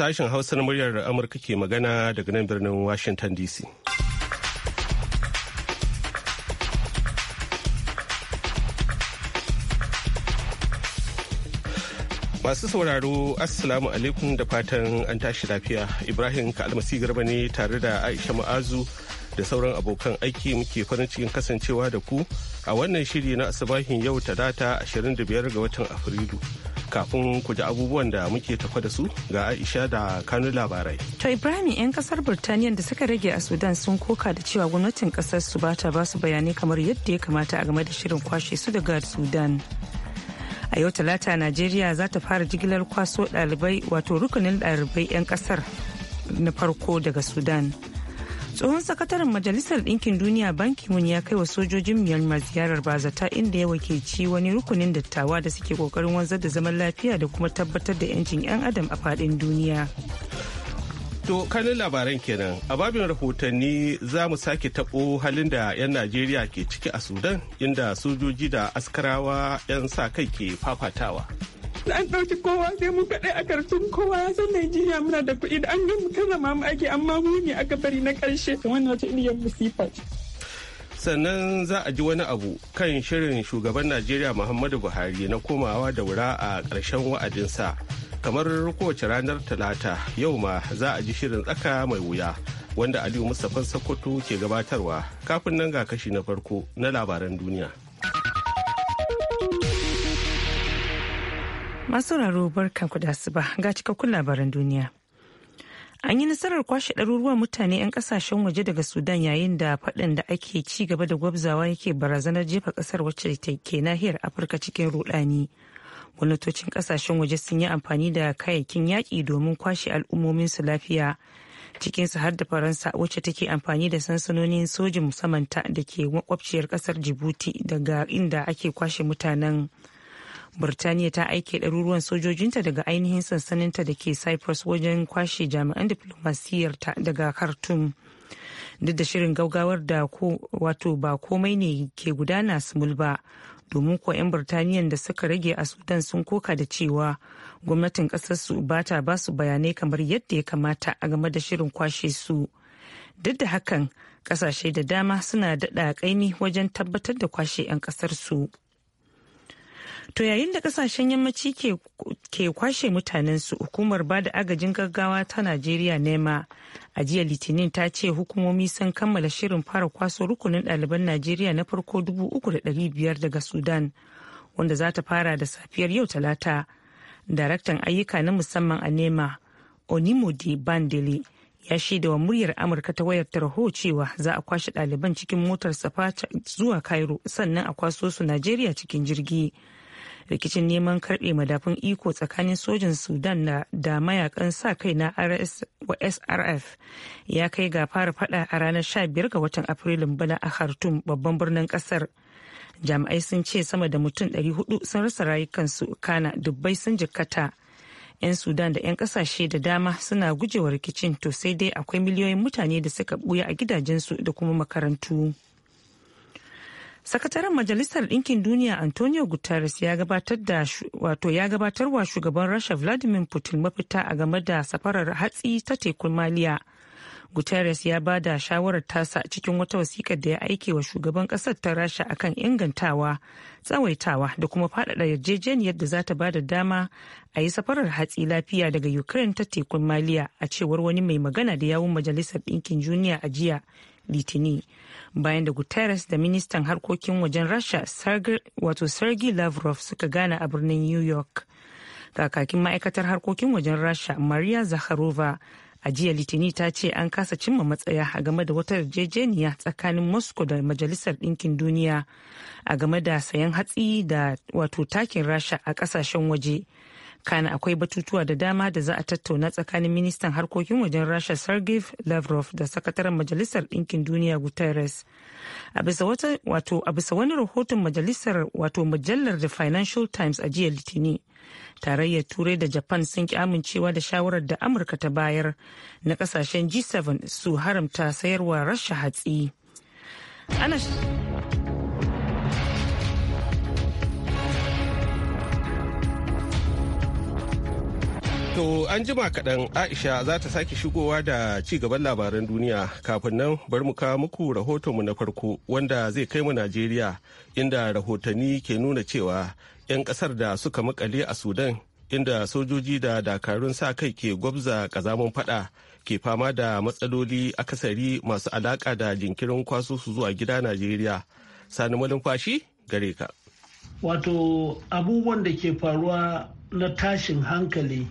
Sashen Hausa na muryar Amurka ke magana daga nan birnin Washington DC. Masu sauraro Assalamu alaikum da fatan an tashi lafiya. Ibrahim Kalmasi Garba ne tare da Aisha Ma'azu da sauran abokan aiki muke farin cikin kasancewa da ku a wannan shiri na asabahin yau talata 25 ga watan Afrilu. kafin ku ji abubuwan da muke tafa da su ga aisha da kanun labarai to ibrahim 'yan kasar burtaniya da suka rage a sudan sun koka da cewa gwamnatin kasar su ba ta ba su bayanai kamar yadda ya kamata a game da shirin kwashe su daga sudan a yau talata najeriya za ta fara jigilar kwaso ɗalibai wato rukunin ɗalibai 'yan kasar na farko daga sudan tsohon sakataren majalisar ɗinkin duniya banki mun ya kai wa sojojin myanmar ziyarar bazata inda ya wakilci wani rukunin dattawa da suke kokarin wanzar da zaman lafiya da kuma tabbatar da 'yancin 'yan adam a faɗin duniya To kanin labaran kenan a babin rahotanni za mu sake taɓo halin da 'yan Najeriya ke ciki a Sudan inda sojoji da askarawa 'yan sa kai ke fafatawa. an ɗauki kowa sai mu kaɗai a karfin kowa ya san Najeriya muna da kuɗi da an gan mu karrama mu ake amma mu ne aka bari na ƙarshe wannan wata iliyar musifa sannan za a ji wani abu kan shirin shugaban najeriya muhammadu buhari na komawa da wura a ƙarshen wa'adinsa kamar kowace ranar talata yau ma za a ji shirin tsaka mai wuya wanda aliyu mustapha sokoto ke gabatarwa kafin nan ga kashi na farko na labaran duniya Masu raro ku da asuba ga cikakkun labaran duniya. An yi nasarar kwashe ɗaruruwan mutane 'yan ƙasashen waje daga Sudan yayin da faɗin da ake ci gaba da gwabzawa yake barazanar jefa ƙasar wacce ke nahiyar Afirka cikin rudani. Gwamnatocin kasashen waje sun yi amfani da kayayyakin yaƙi domin kwashe al'ummominsu lafiya. Cikinsu har da Faransa wacce take amfani da sansanonin sojin musamman ta da ke makwabciyar ƙasar Jibuti daga inda ake kwashe mutanen. birtaniya ta aike ɗaruruwan sojojinta daga ainihin sansaninta da ke cyprus wajen kwashe jami'an ta daga khartoum duk da shirin gaugawar da wato ba komai ne ke gudana sumul ba domin ko 'yan birtaniyan da suka rage a sudan sun koka da cewa gwamnatin kasarsu ba ta ba su bayanai kamar yadda ya kamata a game da shirin kwashe su duk da hakan kasashe da dama suna daɗa kaini wajen tabbatar da kwashe 'yan kasarsu. su To yayin da kasashen yammaci ke kwashe mutanensu hukumar ba da agajin gaggawa ta Najeriya nema a jiya litinin ta ce hukumomi sun kammala shirin fara kwaso rukunin ɗaliban Najeriya na farko dubu uku da biyar daga Sudan wanda za ta fara da safiyar yau talata. Daraktan ayyuka na musamman a nema onimodi Bandele ya shaida wa muryar Amurka ta wayar tarho cewa za a kwashe ɗaliban cikin motar safa zuwa Cairo sannan a kwaso su Najeriya cikin jirgi. rikicin neman karbe madafun iko tsakanin sojin sudan na da mayakan sa kai na srf ya kai ga fara fada a ranar 15 ga watan afrilun bana a khartoum babban birnin kasar jami'ai sun ce sama da mutum 400 sun rasa rayukansu kana dubbai sun jikkata 'yan sudan da 'yan kasashe da dama suna gujewa rikicin to sai dai akwai miliyoyin mutane da suka buya a gidajensu da kuma makarantu. sakataren majalisar ɗinkin duniya antonio guterres ya gabatar wato ya gabatar wa shugaban rasha vladimir putin mafita a game da safarar hatsi ta tekun maliya guterres ya ba da shawarar tasa cikin wata wasiƙar da ya aike wa shugaban ƙasar ta rasha akan ingantawa tsawaitawa da kuma faɗaɗa yarjejeniyar da za ta ba da dama a yi safarar hatsi lafiya daga ukraine ta tekun maliya a cewar wani mai magana da yawun majalisar ɗinkin duniya a jiya litini. bayan da guterres da ministan harkokin wajen rasha wato sergi lavrov suka gana a birnin new york kakakin ma'aikatar harkokin wajen rasha maria zakharova a jiya litini ta ce an kasa cimma matsaya a game da wata yarjejeniya tsakanin moscow da majalisar ɗinkin duniya a game da sayan hatsi da wato takin rasha a ƙasashen waje kana akwai batutuwa da dama da za a tattauna tsakanin ministan harkokin wajen rasha sergei lavrov da sakataren majalisar ɗinkin duniya guterres a bisa wani rahoton majalisar wato mujallar da financial times a jiya litini tarayyar turai da japan sun ki amincewa da shawarar da amurka ta bayar na kasashen g7 su haramta sayarwa rasha hatsi To an jima kaɗan Aisha za ta sake shigowa da ci gaban labaran duniya kafin nan bar mu kawo muku rahotonmu na farko wanda zai kai mu Najeriya inda rahotanni ke nuna cewa 'yan ƙasar da suka makale a Sudan inda sojoji da dakarun sa kai ke gwabza ƙazamin fada ke fama da matsaloli akasari masu alaƙa da jinkirin kwaso su zuwa gida Najeriya. Sani malumfashi gare ka. Wato abubuwan da ke faruwa na tashin hankali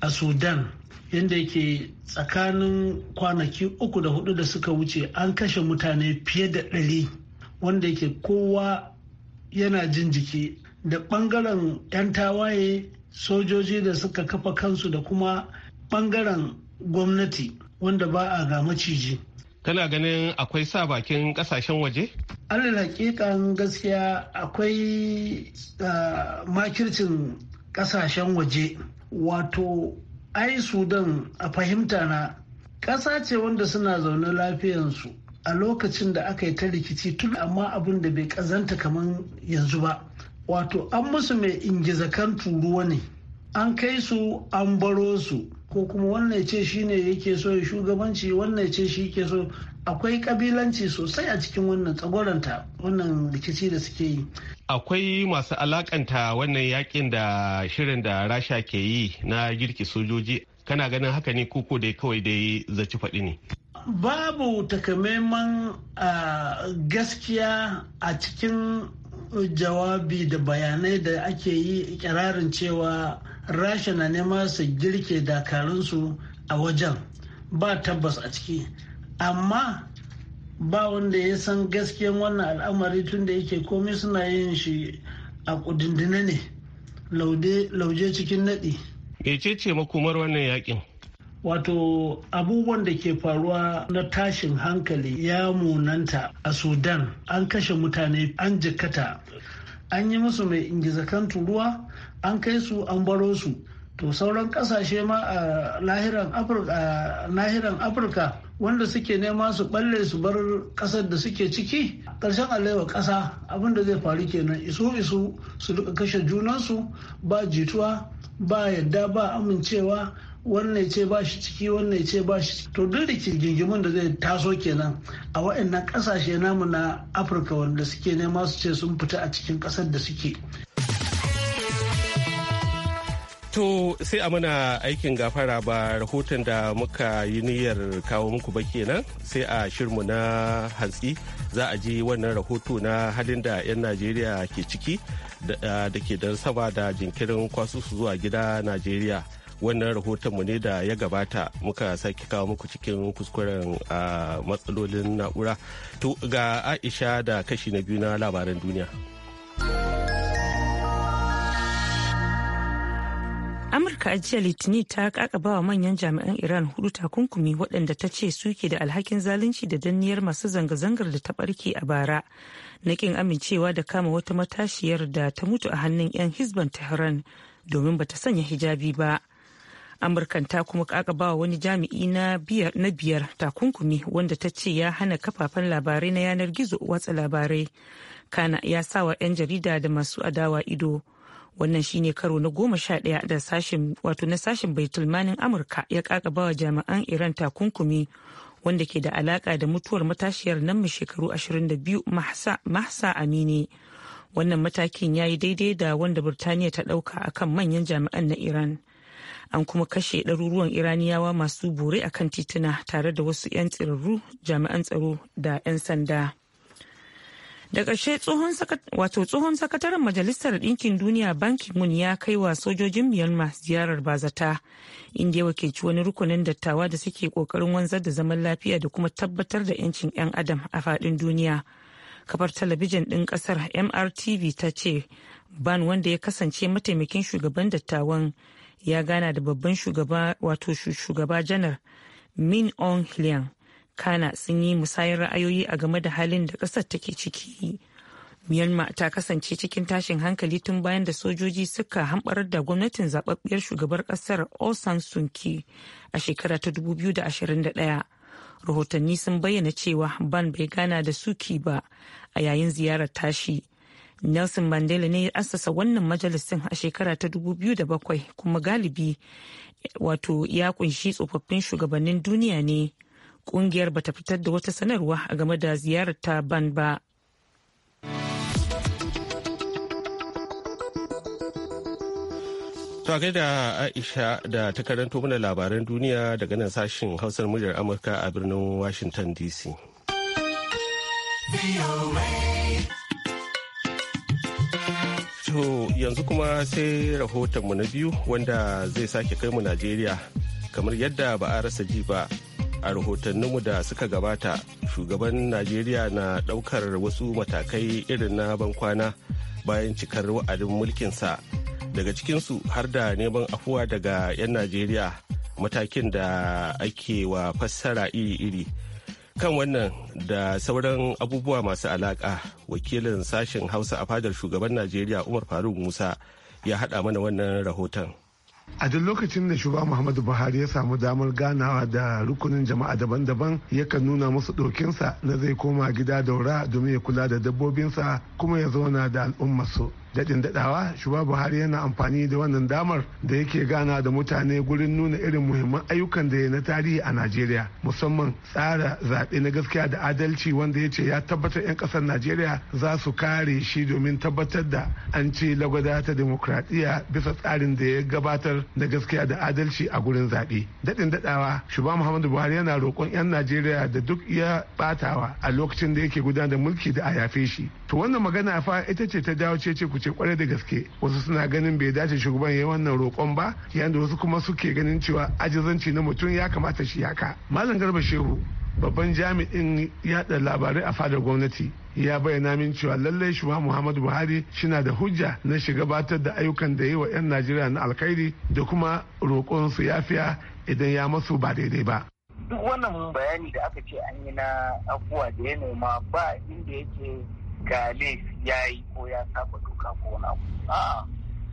a sudan yadda yake tsakanin kwanaki uku da hudu da suka wuce an kashe mutane fiye da ɗari wanda yake kowa yana jin jiki da ɓangaren 'yan tawaye sojoji da suka kafa kansu da kuma ɓangaren gwamnati wanda ba a ga maciji kana ganin akwai sa bakin kasashen waje? da hakikan gaskiya akwai ah, makircin kasashen waje wato ai sudan a fahimta na ƙasa ce wanda suna zaune lafiyansu a lokacin da aka yi ta rikici tun amma abin da bai ƙazanta kamar yanzu ba wato an musu mai ingizakan turuwa ne an kai su an baro su ko kuma wannan ce shi ne yake so ya shugabanci wannan ce shi ke so akwai kabilanci sosai a cikin wannan tsagoranta wannan rikici da suke yi akwai masu alakanta wannan yakin da shirin da rasha ke yi na girki sojoji kana ganin haka ne koko da kawai dai zaci faɗi ne babu takamaiman gaskiya a cikin jawabi da bayanai da ake yi ikirarin cewa rasha na neman su girke dakarunsu a wajen ba tabbas a ciki amma ba wanda ya san gaskiyan wannan al'amari tun da yake komai suna yin shi a kudindina ne lauje cikin naɗi ce makomar wannan yakin wato abubuwan da ke faruwa na tashin hankali ya munanta a sudan an kashe mutane an jikata an yi musu mai ingizakan turuwa an kai su an baro su to sauran kasashe ma a lahiran afirka wanda suke nema su balle su bar kasar da suke ciki ƙarshen alewa ƙasa abinda zai faru kenan isu isu su duka kashe junansu ba jituwa ba yadda ba amincewa wannan ce ba shi ciki wannan ce ba shi to duk da rigingimin da zai taso kenan a waɗannan ƙasashe namu na afirka wanda suke nema su ce sun fita a cikin ƙasar da suke To sai a mana aikin gafara ba rahoton da muka yi niyyar kawo muku ba kenan sai a shirmu na hantsi za a ji wannan rahoto na halin da 'yan Najeriya ke ciki da ke da saba da jinkirin kwasu su zuwa gida Najeriya. Wannan rahotonmu ne da ya gabata muka sake kawo muku cikin kuskuren matsalolin na'ura. To ga Aisha da kashi na biyu na labaran duniya. amurka a jiya litinin ta kakaba wa manyan jami'an iran hudu takunkumi waɗanda ta ce suke da alhakin zalunci da danniyar masu zanga-zangar da ta barke a bara na kin amincewa da kama wata matashiyar da ta mutu a hannun 'yan hizban tehran domin ba ta sanya hijabi ba amurkan ta kuma kakaba wani jami'i na biyar takunkumi wanda ta ce ya hana kafafen labarai na yanar gizo watsa labarai kana ya sawa 'yan jarida da masu adawa ido wannan shine karo na goma sha ɗaya da sashen wato na sashen baitulmanin amurka ya kakaba wa jami'an iran takunkumi wanda ke da alaka da mutuwar matashiyar nan mai shekaru 22 mahsa amini wannan matakin ya yi daidai da wanda birtaniya ta ɗauka akan manyan jami'an na iran an kuma kashe ɗaruruwan iraniyawa masu bore kan tituna tare da wasu 'yan tsirarru jami'an tsaro da 'yan sanda. da ƙarshe tsohon sakataren majalisar ɗinkin duniya banki mun ya kai wa sojojin myanmar ziyarar bazata inda ya wakilci wani rukunin dattawa da suke ƙoƙarin wanzar da zaman lafiya da kuma tabbatar da 'yancin 'yan adam a faɗin duniya kafar talabijin ɗin ƙasar mrtv ta ce ban wanda ya kasance mataimakin shugaban dattawan ya gana da babban shugaba wato shugaba janar min on kana sun yi musayar ra'ayoyi a game da halin da ƙasar take ciki myanmar ta kasance cikin tashin hankali tun bayan da sojoji suka hamɓarar da gwamnatin zababbiyar shugabar ƙasar osan oh sunki a shekara ta 2021 rahotanni sun bayyana cewa ban bai gana da suki ba a yayin ziyarar tashi Nelson Mandela ne ya assasa wannan majalisin a shekara ta 2007 kuma galibi wato ya kunshi tsofaffin shugabannin duniya ne kungiyar bata fitar da wata sanarwa game da ziyarar ta ban ba To a da Aisha da ta karanto mana labaran duniya daga nan sashen hausar muryar Amurka a birnin Washington DC. To yanzu kuma sai rahotonmu na biyu wanda zai sake kai mu Najeriya kamar yadda ba a rasa ji ba a rahotanninmu da suka gabata shugaban najeriya na ɗaukar wasu matakai irin na bankwana bayan cikar wa'adin mulkinsa daga cikinsu har da neman afuwa daga 'yan najeriya matakin da ake wa fassara iri-iri kan wannan da sauran abubuwa masu alaka wakilin sashen hausa a fadar shugaban najeriya umar faruk musa ya haɗa mana wannan rahoton. a duk lokacin da Shuba muhammadu buhari ya samu damar ganawa da rukunin jama'a daban-daban yakan nuna musu ɗokinsa na zai koma gida daura domin ya kula da dabbobinsa kuma ya zauna da al'ummarsu daɗin daɗawa shugaba buhari yana amfani da wannan damar da yake gana da mutane gurin nuna irin muhimman ayyukan da ya na tarihi a najeriya musamman tsara zaɓe na gaskiya da adalci wanda ya ce ya tabbatar 'yan kasar najeriya za su kare shi domin tabbatar da an ci lagwada ta demokradiyya bisa tsarin da ya gabatar na gaskiya da adalci a gurin zaɓe daɗin daɗawa shugaba muhammadu buhari yana roƙon 'yan najeriya da duk ya ɓatawa a lokacin da yake gudanar da mulki da a yafe shi to wannan magana fa ita ce ta dawo ce ce ku ce kwarai da gaske wasu suna ganin bai dace shugaban ya wannan roƙon ba yayin da wasu kuma suke ganin cewa ajizanci na mutum ya kamata shi haka malam garba shehu babban jami'in yada labarai a fadar gwamnati ya bayyana min cewa lallai shugaba muhammadu buhari shina da hujja na shiga batar da ayyukan da yi wa 'yan najeriya na alkhairi da kuma roƙon su yafiya idan ya masu ba daidai ba duk wannan bayani da aka ce an yi na abubuwa da ya noma ba inda yake ga ya yi ko ya saba to. haka ko wani abu a'a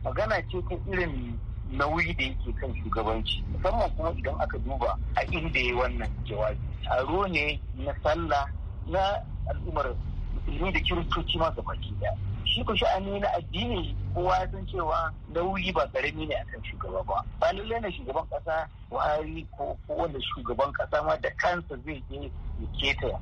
magana ce ta irin nauyi da yake kan shugabanci musamman kuma idan aka duba a inda ya wannan jawabi taro ne na sallah na al'ummar musulmi da kiristoci ma gabaki daya shi ku sha'ani na addini kowa ya san cewa nauyi ba karami ne akan shugaba ba ba lallai na shugaban kasa buhari ko kowane shugaban kasa ma da kansa zai je ya keta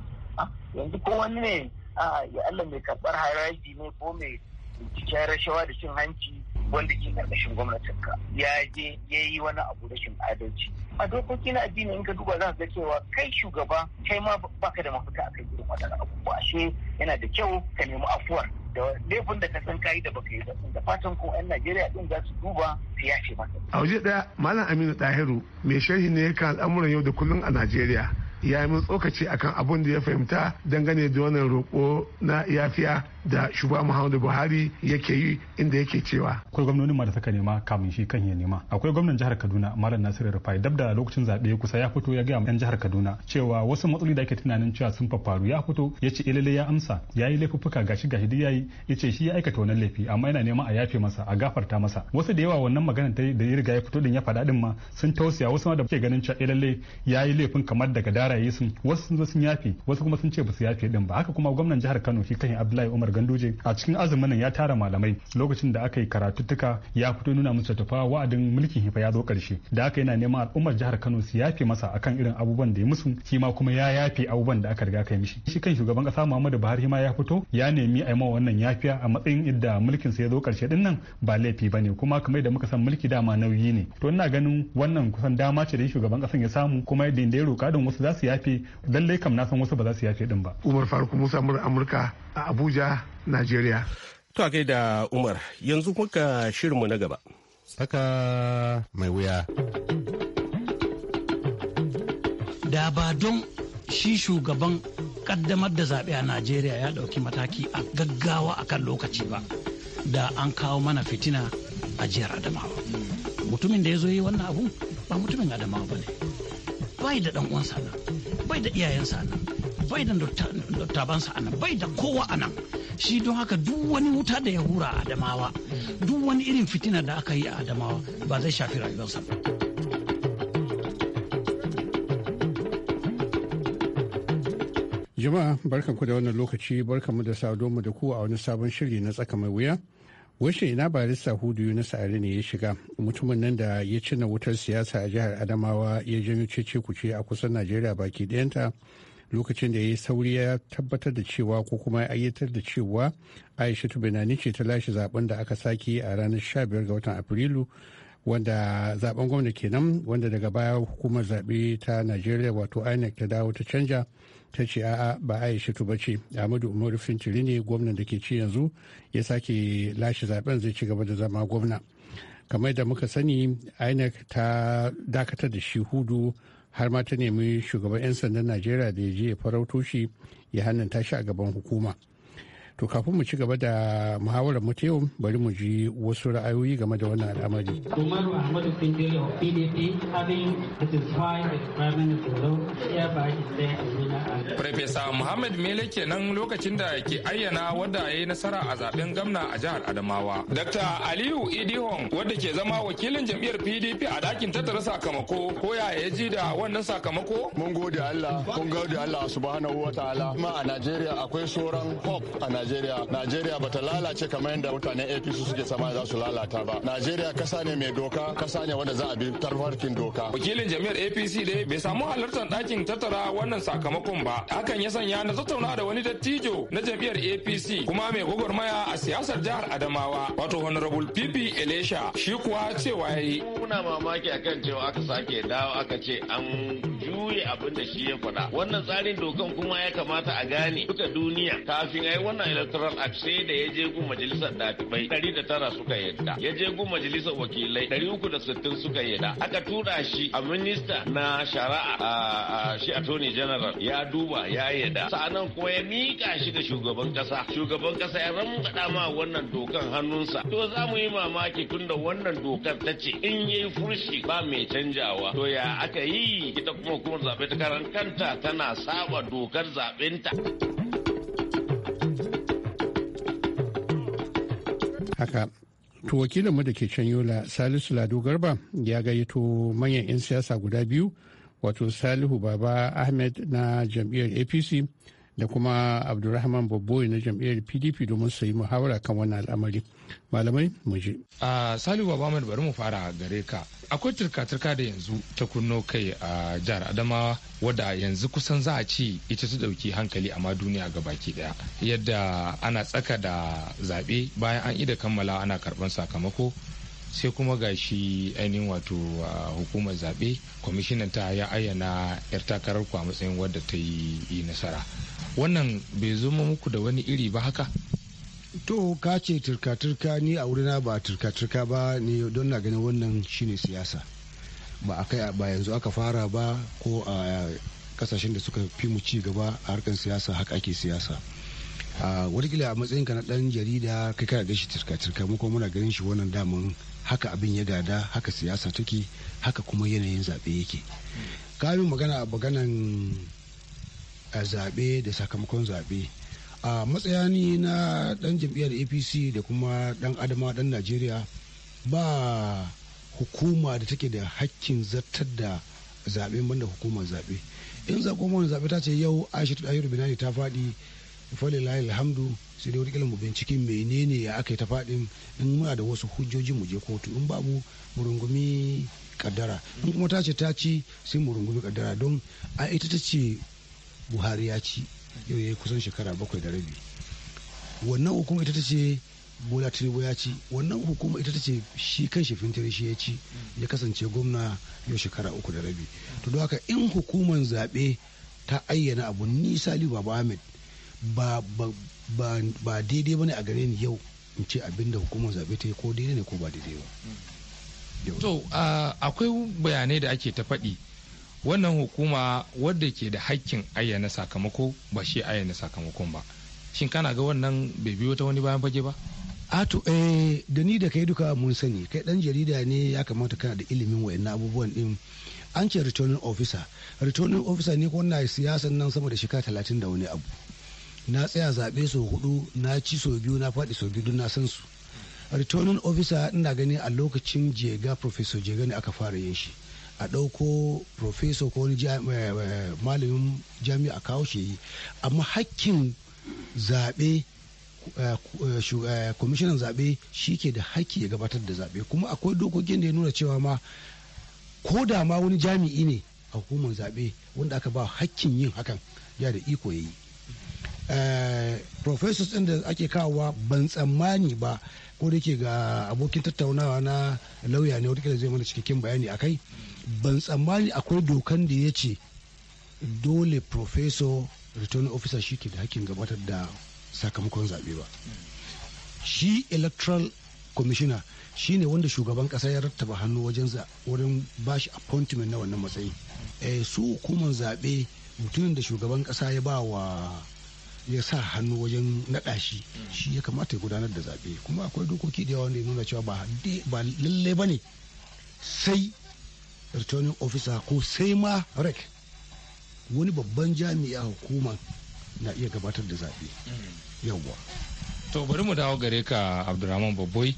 yanzu ko wani ne a ya Allah mai karɓar haraji ne ko mai binciken rashawa da cin hanci wanda ke karkashin gwamnatinka ya je ya yi wani abu rashin adalci a dokoki na addini in ka duba za ga cewa kai shugaba kai ma baka da mafita akan irin waɗannan abubuwa ashe yana da kyau ka nemi afuwar da laifin da ka san kayi da baka yi da fatan ko 'yan Najeriya din za su duba su yace masa. A waje daya Malam Aminu Tahiru mai sharhi ne kan al'amuran yau da kullum a Najeriya ya yi tsokaci akan abun da ya fahimta dangane da wannan roƙo na yafiya da shugaba muhammadu buhari yake yi inda yake cewa akwai gwamnonin ma da suka nema kamun shi kan ya nema akwai gwamnan jihar kaduna malam nasiru rufai dab da lokacin zaɓe kusa ya fito ya gaya yan jihar kaduna cewa wasu matsaloli da ake tunanin cewa sun faru ya fito ya ce eh, ilele ya amsa ya yi laifuffuka gashi gashi duk ya ce shi ya aikata wannan laifi amma yana nema a yafe masa a gafarta masa wasu da yawa wannan magana da ya riga ya fito din ya faɗa din ma sun tausaya wasu ma da ke ganin cewa eh, ilele ya yi laifin kamar daga daraye sun wasu sun zo sun yafe wasu kuma sun ce ba su yafe din ba haka kuma gwamnan jihar kano shi kan abdullahi umar ganduje a cikin azumin nan ya tara malamai lokacin da aka yi karatuttuka ya fito nuna musu tafa wa'adin mulkin hifa ya zo karshe da aka yana neman al'ummar jihar Kano su yafe masa akan irin abubuwan da ya musu shi ma kuma ya yafe abubuwan da aka riga kai mishi shi kan shugaban kasa Muhammadu Buhari ma ya fito ya nemi a yi wannan yafiya a matsayin idda mulkin sa ya zo karshe din nan ba laifi bane kuma kamar da muka san mulki dama nauyi ne to ina ganin wannan kusan dama ce da shugaban kasan ya samu kuma yadda ya roka don wasu za su yafe lallai kam na san wasu ba za su yafe din ba Umar Faruk Musa Amurka a Abuja, Najeriya. To a da Umar, yanzu kuka shirinmu na gaba. Saka mai wuya. Da ba don shi shugaban kaddamar da zaɓe a Najeriya ya ɗauki mataki a gaggawa a kan lokaci ba, da an kawo mana fitina a jiyar Adamawa. Mutumin da ya zo yi wannan abu ba mutumin Adamawa ba ne. Bai da ɗan uwansa nan, bai da iyayensa nan, bai da dattabansa a nan bai da kowa a nan shi don haka duk wani wuta da ya hura a adamawa duk wani irin fitina da aka yi a adamawa ba zai shafi rayuwarsa ba jama'a barkanku da wannan lokaci mu da mu da ku a wani sabon shiri na tsaka mai wuya washe ina barista hudu yunus ari ne ya shiga mutumin nan da ya cina wutar siyasa a jihar adamawa ya janyo cece kuce a kusan najeriya baki ɗayanta lokacin da ya yi sauri ya tabbatar da cewa ko kuma ya ayyatar da cewa aisha binani ce ta lashe zaben da aka sake a ranar sha biyar ga watan afrilu wanda zaben gwamna kenan wanda daga baya hukumar zaɓe ta najeriya wato inec ta dawo ta canja ta ce a'a ba aisha ba ce ahmadu umaru fintiri ne gwamnan da ke ci yanzu ya sake lashe zaben zai ci gaba da zama gwamna kamar da muka sani inec ta dakatar da shi hudu har ma ta nemi shugaban 'yan sandan najeriya da ya je ya farauto shi ya hannun shi a gaban hukuma to kafin mu ci gaba da muhawarar mu yau bari mu ji wasu ra'ayoyi game da wannan al'amari umaru ahmadu kundiri of pdp having satisfied the amina farfesa muhammad mele kenan lokacin da ke ayyana wadda ya yi nasara a zaben gamna a jihar adamawa dr aliyu idihon wadda ke zama wakilin jam'iyyar pdp a dakin tattara sakamako ko ya ya ji da wannan sakamako mun gode allah kun gode allah subhanahu wa ta'ala kuma a najeriya akwai sauran hope a Najeriya Najeriya bata lalace kamar yadda mutanen APC suke sama za su lalata ba Najeriya kasa ne mai doka kasa ne wanda za a bi tarfarkin doka wakilin jami'ar APC dai bai samu halartar dakin tattara wannan sakamakon ba hakan ya sanya na tattauna da wani dattijo na jam'iyyar APC kuma mai gwagwarmaya a siyasar jihar Adamawa wato honorable PP Elisha shi kuwa cewa yayi muna mamaki akan cewa aka sake dawo aka ce an jure abin da shi ya faɗa wannan tsarin dokan kuma ya kamata a gane duka duniya kafin ai wannan electoral act sai da ya je gun majalisar datibai ɗari da tara suka yadda ya je gun majalisar wakilai ɗari uku da sittin suka yadda aka tura shi a minista na shari'a shi attorney general ya duba ya yadda sa'anan kuma ya mika shi ga shugaban kasa shugaban kasa ya rambaɗa ma wannan dokan hannunsa to za mu yi mamaki tunda wannan dokar ta ce in yayi furshi ba mai canjawa to ya aka yi ita kuma hukumar zaɓe ta karan kanta tana saba dokar zaɓenta. Haka, to mu da ke can Yola Salisu Lado Garba ya gayyato manyan 'yan siyasa guda biyu wato Salihu Baba Ahmed na jam'iyyar APC da kuma Abdulrahman Babboy na jam'iyyar PDP domin sayi muhawara kan wani al'amari. malamai mu a salihu baba bari mu fara gare ka akwai turka-turka da yanzu ta kunno kai a jihar adamawa wadda yanzu kusan za a ce ita ta dauki hankali amma duniya ga baki daya yadda ana tsaka da zaɓe bayan an ida kammala ana karɓar sakamako sai kuma ga shi ainihin wato hukumar zaɓe kwamishinan ta ya ayyana 'yar takarar ku a matsayin wadda ta yi nasara wannan bai zama muku da wani iri ba haka to ka ce turka-turka ni a wurina ba turka-turka ba ne don na ganin wannan shine siyasa ba a kai ba yanzu aka fara ba ko a kasashen da suka fi mu ci gaba a harkar siyasa haka ake siyasa a watakila a matsayin ka na dan jarida kai kana da shi turka-turka mu muna ganin shi wannan daman haka abin ya gada haka siyasa take haka kuma yanayin zaɓe yake kamin magana a maganan zaɓe da sakamakon zaɓe a matsayani na dan jam'iyyar apc da kuma dan adama dan najeriya ba hukuma da take da hakkin zartar da zaɓe banda hukumar zaɓe in wani zaɓe ta ce yau aisha ta ɗayiru binani ta faɗi falilahi alhamdu sai dai wani mu binciki menene ya aka yi ta faɗi in muna da wasu hujjoji mu je kotu in babu mu rungumi kaddara in kuma ta ce ta ci sai mu rungumi kaddara don a ita ta ce buhari ya ci yau ya kusan shekara bakwai da rabi wannan hukuma ita ta ce bola tinubu ya ci wannan hukuma ita ta ce shi kan shi fintiri shi ya ci ya kasance gwamna yau shekara uku da rabi to don haka in hukumar zaɓe ta ayyana abu ni sali baba ahmed ba ba daidai ne a gare ni yau in ce abinda hukumar zaɓe ta yi ko daidai ne ko ba daidai ba to akwai bayanai da ake ta faɗi wannan hukuma wadda ke da hakkin ayyana sakamako ba shi ayyana sakamakon ba shin kana ga wannan bai biyo ta wani bayan fage ba ato eh da ni da kai duka mun sani kai dan jarida ne ya kamata kana da ilimin wayannan abubuwan din an ce returning officer returning officer ne ko na siyasan nan sama da shekara talatin da wani abu na tsaya zaɓe sau hudu na ci sau biyu na faɗi sau biyu na san su returning officer ina gani a lokacin jega professor jega ne aka fara yin shi a ɗauko professor ko wani eh, eh, malamin jami'a a kawo shi amma hakkin zaɓe eh, kwamishinan zaɓe shi ke da haƙƙi ya gabatar da zaɓe kuma akwai dokokin da ya nuna cewa ma ko da ma wani jami'i ne a hukumar zaɓe wanda aka ba hakkin yin hakan ya da iko ya yi Eh, professors ɗin da ake kawowa ban tsammani ba ko da ke ga abokin tattaunawa na lauya ne wata zai mana cikakken bayani a kai ban tsammani akwai dokan da ya ce dole professor return officer shi ke da hakkin gabatar da sakamakon zaɓe ba shi electoral commissioner shi ne wanda shugaban kasa ya rattaba hannu wajen wurin ba shi appointment na wannan matsayi eh, su hukumar zaɓe mutumin da shugaban kasa ya ba wa ya sa hannu wajen naɗa shi shi ya kamata ya gudanar da zaɓe kuma akwai dokoki da yawa wanda ya nuna cewa ba lalle ba ne sai returning officer ko sai ma rec wani babban jami'a hukuma na iya gabatar da zaɓe yawwa to bari mu dawo gare ka abdurrahman babboi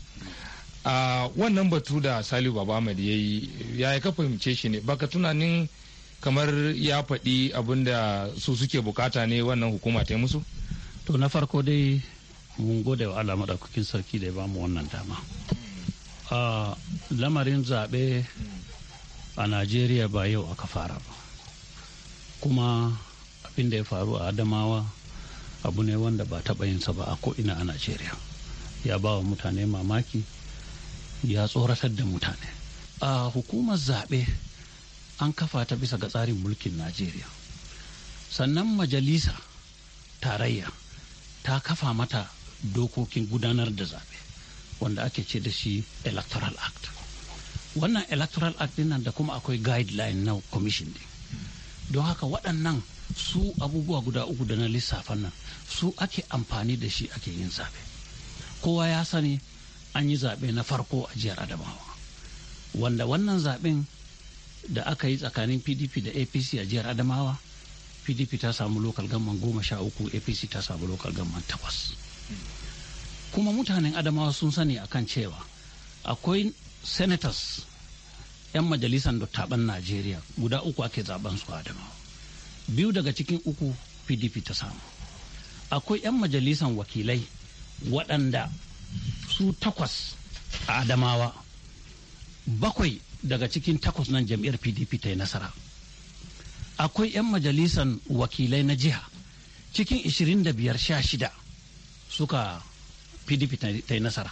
a ah, wannan batu da salihu baba ya yi ya ka fahimce shi ne baka tunanin kamar ya faɗi abin da su suke bukata ne wannan hukuma ta musu? To na farko dai mun gode wa Allah maɗaukakin sarki da ya bamu wannan dama. Lamarin zaɓe a Najeriya ba yau aka fara ba. Kuma abin da ya faru a Adamawa abu ne wanda ba taɓa yinsa ba a ko'ina a Najeriya. Ya ba wa mutane mamaki, ya tsoratar da mutane. A hukumar zaɓe an kafa ta bisa ga tsarin mulkin najeriya sannan majalisa tarayya ta kafa mata dokokin gudanar da zaɓe wanda ake ce da shi electoral act wannan electoral act nan da kuma akwai guideline na commission din don haka waɗannan su abubuwa guda uku da na lissafan nan su ake amfani da shi ake yin zaɓe kowa ya sani an yi zaɓe na farko a jihar adamawa wanda wannan zaɓen da aka yi tsakanin pdp da apc a jihar adamawa pdp ta samu lokal gamman goma sha uku apc ta samu lokal gamman takwas kuma mutanen adamawa sun sani akan cewa akwai senators 'yan majalisar dattaban najeriya guda uku ake zaben su adamawa biyu daga cikin uku pdp ta samu akwai 'yan majalisar wakilai waɗanda su takwas a adamawa bakwai daga cikin takwas nan jam'iyyar pdp ta yi nasara akwai 'yan majalisan wakilai na jiha cikin 25 sha shida suka pdp ta yi nasara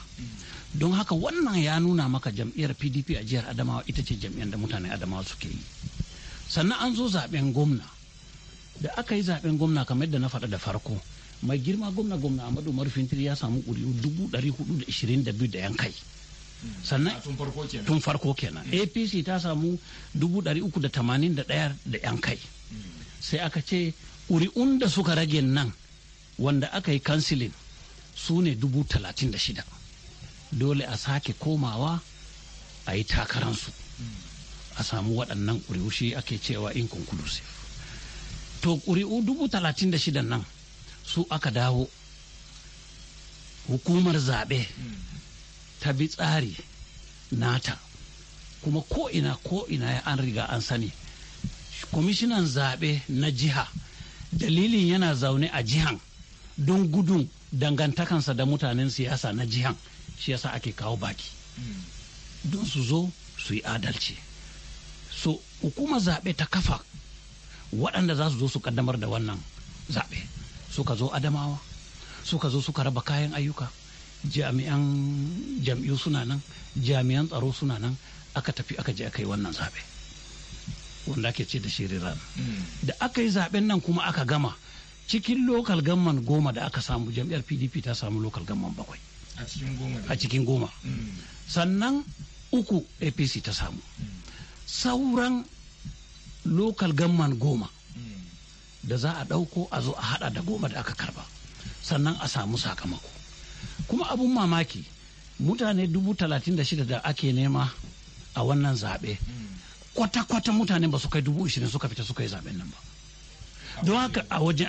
don haka wannan ya nuna maka jam'iyyar pdp a jihar adamawa ita ce jam'iyyar da mutane adamawa suke yi sannan an zo zaben gwamna da aka yi zaben gwamna kamar yadda na faɗa da farko mai girma gwamna gwamna amadu marufin ya samu ƙuri'u 422 da yan kai sannan ah, tun farko kenan apc hmm. ta samu 381 da yan kai hmm. sai aka ce ƙuri'un da suka rage nan wanda aka yi kansilin su ne 36 dole a sake komawa a yi takaransu hmm. a samu waɗannan ƙuri'u ake cewa in inconclusive to ƙuri'u 36 nan su aka dawo hukumar zaɓe ta bi tsari nata kuma ko'ina ko'ina an riga an sani kwamishinan zaɓe na jiha dalilin yana zaune a jihan don gudun dangantakansa da mutanen siyasa na jihan shi yasa ake kawo baki don su zo su yi adalci so hukumar zaɓe ta kafa waɗanda za su zo su kaddamar da wannan zaɓe suka zo adamawa suka zo suka raba kayan ayyuka jami'an jam'iyyu suna nan jami'an tsaro suna nan aka tafi aka je aka yi wannan zaɓe wanda ake ce da shiriran hmm. da aka yi zaɓen nan kuma aka gama cikin lokal gamman goma da aka samu jam'iyyar pdp ta samu lokal gamman bakwai a cikin goma hmm. sannan uku apc ta samu hmm. sauran lokal gamman goma da za a ɗauko a zo a haɗa da goma da aka karba sannan a samu sakamako kuma abun mamaki mutane dubu talatin da shida da ake nema a wannan zaɓe kwata-kwata mutane ba su kai dubu ishirin suka fita suka yi zaɓen nan ba don haka a wajen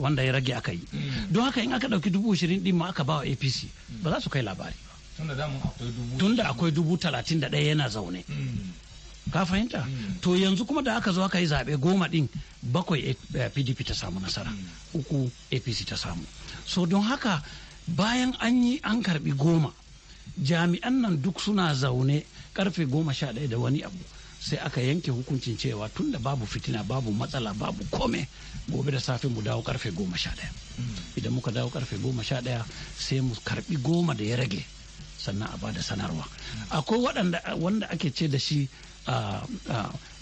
wanda ya rage aka yi mm. don haka in aka ɗauki dubu ishirin ɗin ma aka ba wa apc ba za su kai labari ba da akwai dubu talatin da ɗaya yana zaune mm. ka fahimta mm. to yanzu kuma da aka zo aka yi zaɓe goma ɗin bakwai pdp ta samu nasara uku apc ta samu so don haka bayan an yi an karbi goma jami'an nan duk suna zaune karfe goma sha ɗaya da wani abu sai aka yanke hukuncin cewa tun da babu fitina babu matsala babu kome gobe da safe mu dawo karfe goma sha ɗaya hmm. idan muka dawo karfe goma sha ɗaya sai mu karbi goma da ya rage sannan a bada sanarwa hmm. akwai waɗanda wanda ake ce da shi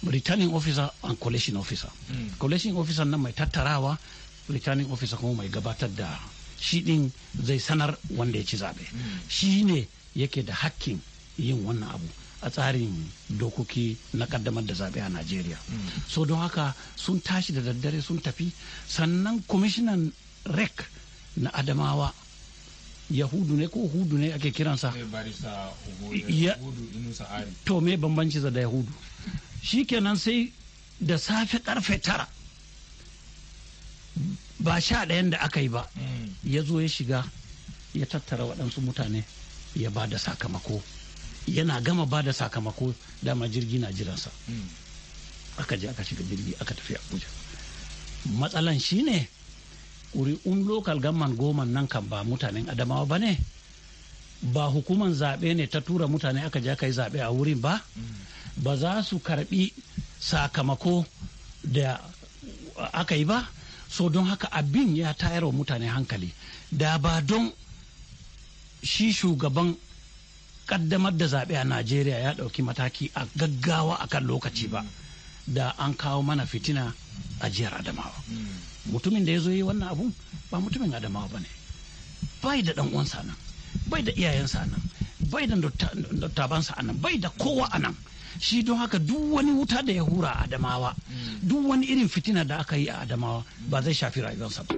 returning officer and collation officer hmm. collation officer nan mai tattarawa returning officer kuma mai gabatar da shi din zai sanar wanda ya ci zaɓe shi ne yake da hakkin yin wannan abu a tsarin dokoki na kaddamar da zaɓe a najeriya so don haka sun tashi da daddare sun tafi sannan kwamishinan rec na adamawa yahudu ne ko hudu ne ake kiransa to me bambanci da yahudu kenan sai da safe karfe tara ba sha ɗayan da aka yi ba hmm. ya zo ya shiga ya tattara waɗansu mutane ya ba da sakamako yana gama ba da sakamako dama jirgi na jiransa hmm. aka je aka shiga jirgi aka tafi abuja matsalan shi shine ƙuri'un lokal gamman goman nan kan ba mutanen adamawa ba ne ba hukuman zaɓe ne ta tura mutane aka je aka yi zaɓe a wurin ba hmm. ba za su karɓi sakamako da aka yi ba so don haka abin ya tayar wa mutane hankali da ba don shi shugaban kaddamar da zaɓe a najeriya ya ɗauki mataki a gaggawa a kan lokaci ba da an kawo mana fitina a jiyar adamawa mutumin da ya zo yi wannan abun ba mutumin adamawa ba ne bai da ɗan uwansa nan bai da iyayensa nan bai da dattabansa a nan bai da kowa a nan shi don haka duk wani wuta da ya hura a adamawa duk wani irin fitina da aka yi a adamawa ba zai shafi rayuwarsa ba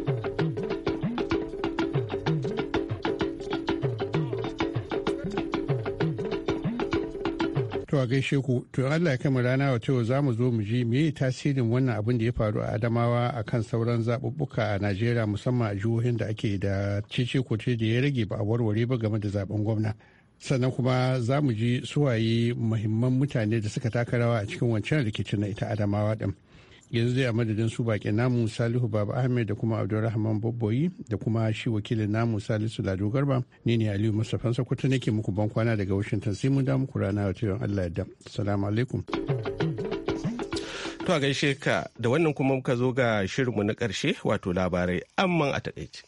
To a gaishe ku, to Allah ya mu rana wa cewa za mu zo mu ji meye tasirin wannan abin da ya faru a Adamawa a kan sauran zaɓuɓɓuka a Najeriya musamman a jihohin da ake da cece ce da ya rage ba a warware ba game da zaben gwamna. sannan kuma za mu ji suwaye muhimman mutane da suka taka rawa a cikin wancan rikicin na ita adamawa din yanzu zai a madadin su baƙin namu salihu baba ahmed da kuma abdulrahman bobboyi da kuma shi wakilin namu salisu lado garba ni ne aliyu mustapha sakwato nake muku ban kwana daga washington sai mun da muku rana wata yawan allah yadda salamu alaikum to a gaishe ka da wannan kuma muka zo ga shirinmu na ƙarshe wato labarai amman a taƙaice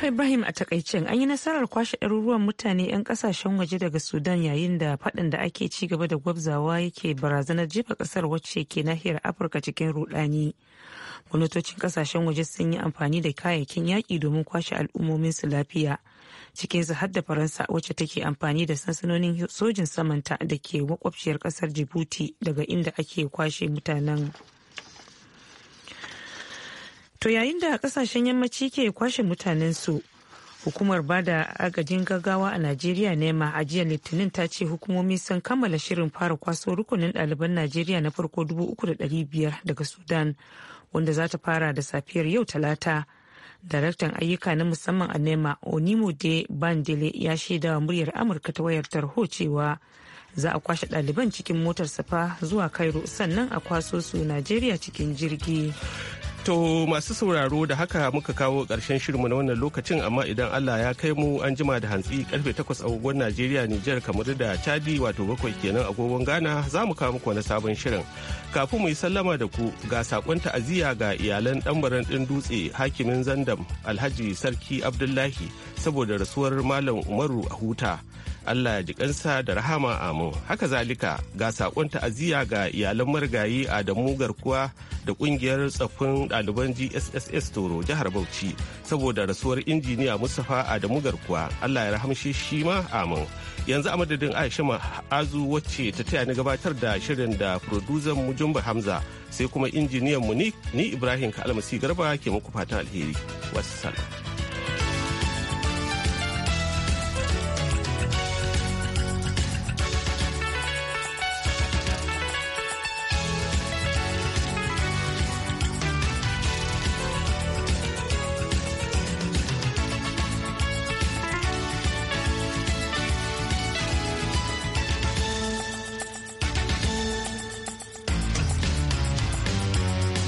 To Ibrahim a takaicen an yi nasarar kwashe ɗaruruwan mutane 'yan kasashen waje daga Sudan yayin da faɗin da ake ci gaba da gwabzawa yake barazanar jefa ƙasar wacce ke nahiyar Afirka cikin rudani. Gwamnatocin ƙasashen waje sun yi amfani da kayayyakin yaƙi domin kwashe al'ummomin su lafiya. Cikin su har da Faransa wacce take amfani da sansanonin sojin samanta da ke makwabciyar ƙasar jibuti daga inda ake kwashe mutanen. To yayin da kasashen yammaci ke kwashe mutanen su hukumar bada agajin gaggawa a Najeriya nema a jiya Litinin ta ce hukumomi sun kammala shirin fara kwaso rukunin ɗaliban Najeriya na farko 3,500 daga Sudan wanda za ta fara da safiyar yau talata. Daraktan ayyuka na musamman a nema de Bandele ya shaidawa muryar Amurka ta wayar tarho cewa za a kwashe ɗaliban cikin motar safa zuwa Cairo sannan a kwaso su Najeriya cikin jirgi. To masu sauraro da haka muka kawo ƙarshen shirinmu na wannan lokacin amma idan Allah ya kai mu an jima da hantsi karfe 8 agogon Najeriya Nijar kamar da Chadi wato bakwai kenan agogon Ghana za mu kawo muku wani sabon shirin. Kafin mu yi sallama da ku ga sakon ta'aziyya ga iyalan ɗanbaran ɗin dutse hakimin Zandam Alhaji Sarki Abdullahi saboda rasuwar Malam Umaru a huta. Allah ya ji kansa da rahama amin. Haka zalika ga sakon ta'aziyya ga iyalan marigayi a damu Garkuwa da ƙungiyar tsaffin ɗaliban GSSS Toro jihar Bauchi saboda rasuwar injiniya Mustapha Adamu Garkuwa. Allah ya rahamshi shi ma amu. Yanzu a madadin Aisha Ma'azu wacce ta taya ni gabatar da shirin da producer mu Hamza sai kuma injiniyan mu ni Ibrahim Kalmasi Garba ke muku fatan alheri. Wassalam.